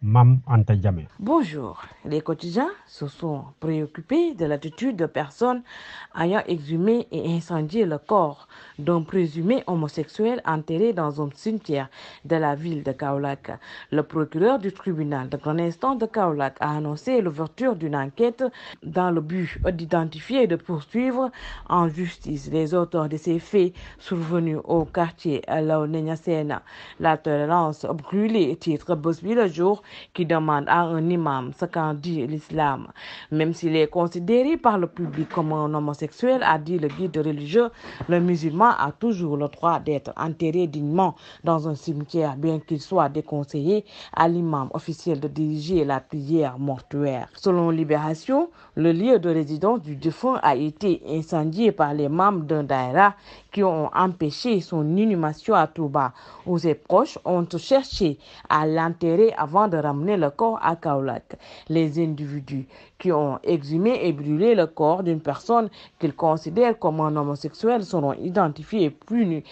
Mam Antajame. Bonjour. Les quotidiens se sont préoccupés de l'attitude de personnes ayant exhumé et incendié le corps d'un présumé homosexuel enterré dans un cimetière de la ville de Kaolak. Le procureur du tribunal de Grand instant de Kaolak a annoncé l'ouverture d'une enquête dans le but d'identifier et de poursuivre en justice les auteurs de ces faits survenus au quartier Sena. La tolérance brûlée titre Bosby le jour qui demande à un imam ce qu'en dit l'islam, même s'il est considéré par le public comme un homosexuel, a dit le guide religieux, le musulman a toujours le droit d'être enterré dignement dans un cimetière, bien qu'il soit déconseillé à l'imam officiel de diriger la prière mortuaire. Selon Libération, le lieu de résidence du défunt a été incendié par les membres d'un daïra qui ont empêché son inhumation à Touba, où ses proches ont cherché à l'enterrer avant de ramener le corps à Kaolak. Les individus qui ont exhumé et brûlé le corps d'une personne qu'ils considèrent comme un homosexuel seront identifiés et punis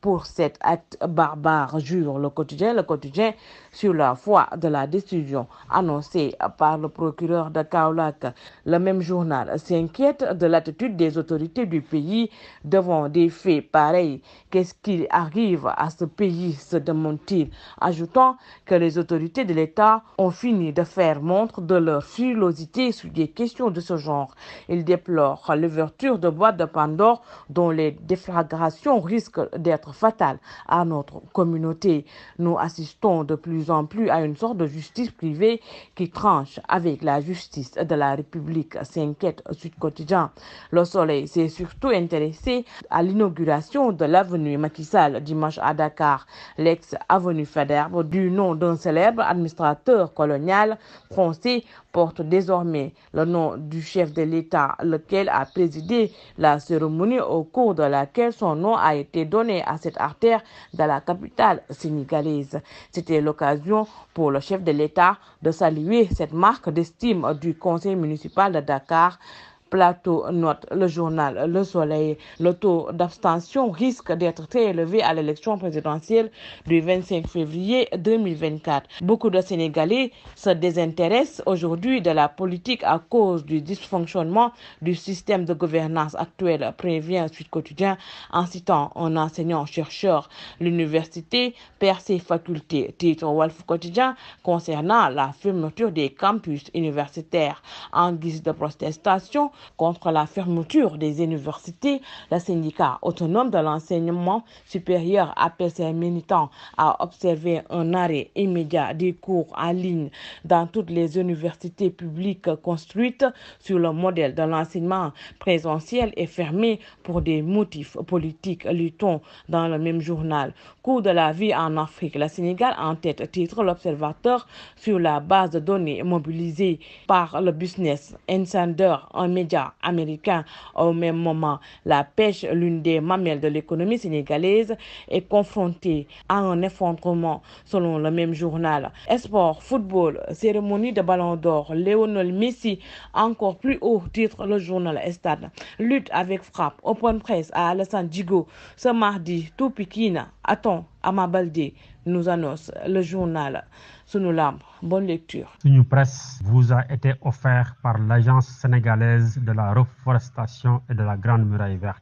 pour cet acte barbare, jure le quotidien, le quotidien sur la foi de la décision annoncée par le procureur de Kaolak. Le même journal s'inquiète de l'attitude des autorités du pays devant des faits pareils. Qu'est-ce qui arrive à ce pays, se demande-t-il, ajoutant que les autorités de l'État ont fini de faire montre de leur frilosité sur des questions de ce genre. Il déplore l'ouverture de boîtes de Pandore dont les déflagrations risquent d'être fatale à notre communauté. Nous assistons de plus en plus à une sorte de justice privée qui tranche avec la justice de la République, s'inquiète Sud Quotidien. Le Soleil s'est surtout intéressé à l'inauguration de l'avenue Sall dimanche à Dakar, l'ex-avenue Faderbe du nom d'un célèbre administrateur colonial français porte désormais le nom du chef de l'État, lequel a présidé la cérémonie au cours de laquelle son nom a été donné à cette artère dans la capitale sénégalaise. C'était l'occasion pour le chef de l'État de saluer cette marque d'estime du conseil municipal de Dakar plateau note le journal Le Soleil. Le taux d'abstention risque d'être très élevé à l'élection présidentielle du 25 février 2024. Beaucoup de Sénégalais se désintéressent aujourd'hui de la politique à cause du dysfonctionnement du système de gouvernance actuel, prévient Suite Quotidien en citant un enseignant-chercheur. L'université perd faculté. facultés, titre Wolf Quotidien concernant la fermeture des campus universitaires. En guise de protestation, contre la fermeture des universités. Le syndicat autonome de l'enseignement supérieur appelle ses militants à observer un arrêt immédiat des cours en ligne dans toutes les universités publiques construites sur le modèle de l'enseignement présentiel et fermé pour des motifs politiques, luttons dans le même journal. Cours de la vie en Afrique, le Sénégal en tête, titre l'observateur sur la base de données mobilisée par le business. Insider, en média américains. Au même moment, la pêche, l'une des mamelles de l'économie sénégalaise, est confrontée à un effondrement, selon le même journal. Esport, football, cérémonie de ballon d'or, Léonel Messi, encore plus haut, titre le journal Estade. Lutte avec frappe, au open press à Alassane Digo. Ce mardi, tout Pikina Attends, Baldi nous annonce le journal sous nos Bonne lecture. Une presse vous a été offert par l'Agence sénégalaise de la reforestation et de la Grande Muraille Verte.